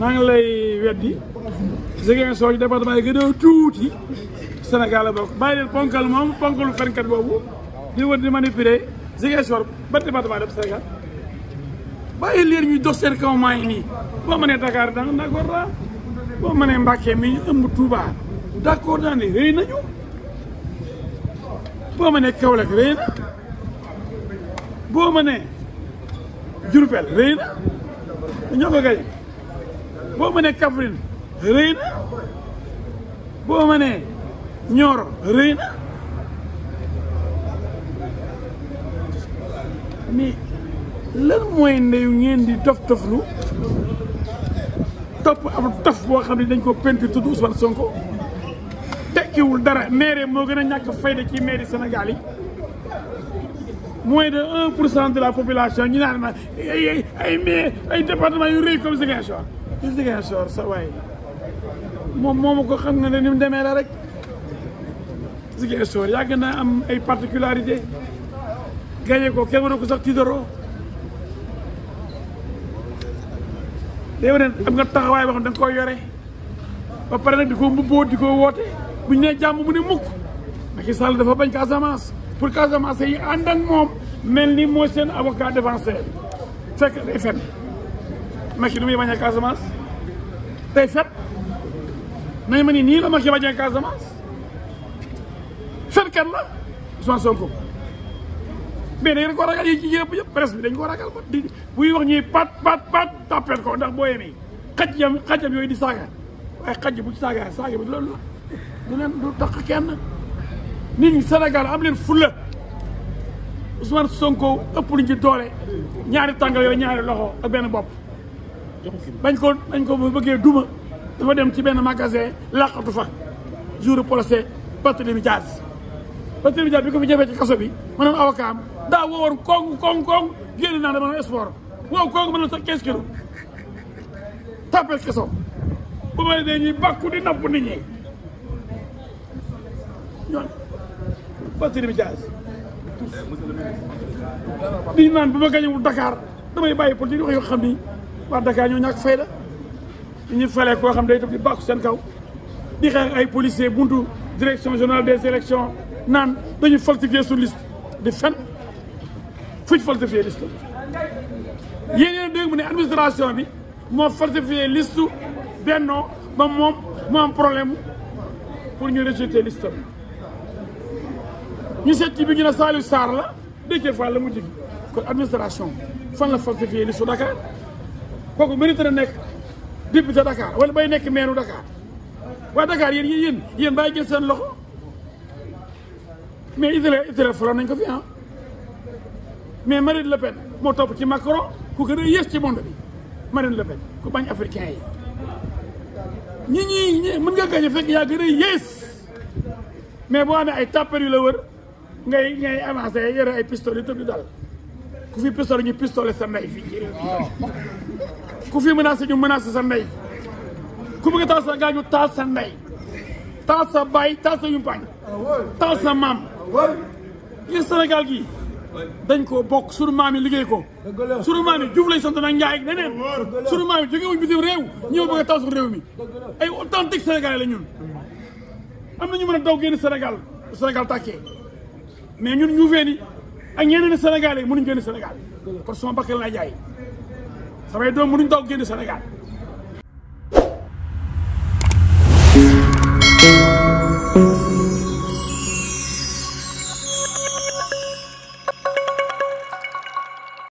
maa ngi lay weddi Ziguinchor département yi gën tuuti Sénégal la bokk bàyyi leen ponkal moom ponkalu fenkat boobu di wër di manipuler Ziguinchor ba département def Sénégal bàyyi leen ñuy dox seen kaw maa ngi nii ma nee Dakar danga d'accord la ah? boo mënee Mbàkke mi ñu ëmb Touba d'accord naa ne rëy nañu boo mënee Kaolack rëy na boo mënee Diourbel rëy na dañoo ko gañe boo mënee Kaffrine rëy na boo mënee Nioro rëy na mais lan mooy ndeyu ngeen di dof doflu topp ab taf boo xam ne dañ ko peinture tudd Ousmane Sonko tekkiwul dara maire moo gën a ñàkk fayda ci maire Sénégal yi moins de un pour cent de la population ñu naan ma ay ay ay département yu rëy comme Ziguinchor Ziguinchor sa waay moom moomu ko xam nga ne ni mu demee la rek Ziguinchor yàgg naa am ay particularité gagné ko kenn waru ko sax tiidaroo day wane am nga taxawaay boo xam da nga yore ba pare nag di ko mbubboo di ko woote bu ñu nee jàmm mu ne mukk Macky Sall dafa bañ Casamance pour Casamance yi ànd ak moom mel ni mooy seen avocat défenseur fekk day fen Macky du muy bañ a Casamance day fet nañ ma nii la Macky bañ a Casamance fenkat la Ousmane Sonko mais da ngeen ko ragal yi ci yëpp yëpp presse bi dañ ko ragal ba di buy wax ñii pat pat pat tàppet ko ndax booyee nii xaj yam xajam yooyu di saaga waaye xaj bu saaga saaga bi loolu la du leen du kenn nit ñi Sénégal am leen fulla Sonko ëpp ci doole ñaari tàngal yooyu ñaari loxo ak benn bopp bañ ko bañ ko bëggee duma dafa dem ci benn magasin làqatu fa jour procès Barthélémy Dias Barthélemy Dias bi ko fi jafee ci kaso bi ma doon avocat am daa woowoon koŋŋ koŋŋ koŋŋ génn naa dama doon sport ma doon bu may dee ñuy bàkku di napp nit ñi ñoon Barthélemy Dias di naan bu ma gañewul Dakar damay bàyyi politique wax yoo xam ni waa Dakar ñoo ñàkk fayda ñu falee koo xam day daf di bàkku seen kaw di xeex ay policier buntu direction générale des élections naan dañu falsifier su liste di fen fu ñu falsifier liste yéen yéen dégg mu ne administration bi moo falsifier liste bennoo ba moom moo am problème pour ñu rejeter liste ñu seet ci bi ñu ne Saliou Sarr la Déthié Fall la mu jigi kon administration fan la falsifier liste Dakar kooku mérite na nekk député Dakar wala bay nekk maire Dakar waaye Dakar yéen yéen yéen jël seen loxo mais Hitler Hitler faloon nañ ko fi ah mais Marine Le Pen moo topp ci Macron ku gën a yées ci monde bi Marine Le ku bañ africain yi ñi ñi mën nga gañe fekk yaa gën a yées mais boo amee ay tàppar yu la wër ngay ngay avancé yore ay pistolet tëb di dal ku fi pistolet ñu pistolet sa ndey ku fi menacé ñu menacé sa ndey ku bëgg taal sa gaañu taal sa ndey taal sa baay taal sa yumpaañ taal sa maam gis Sénégal gi dañ ko bokk sunu maam yi liggéey ko sunu maam yi Diouf lañ sant nag Ndiaye ak neneen sunu maam yi jóge wuñ bitim réew ñëw bëgg a taw suñu réew mi ay authentique sénégalais la ñun am nañu mën a daw génn Sénégal Sénégal tàkkee mais ñun ñu fee ni ak ñeneen sénégalais mënuñ génn Sénégal parce que sama bakkan laa jaay samay doom mënuñ daw génn Sénégal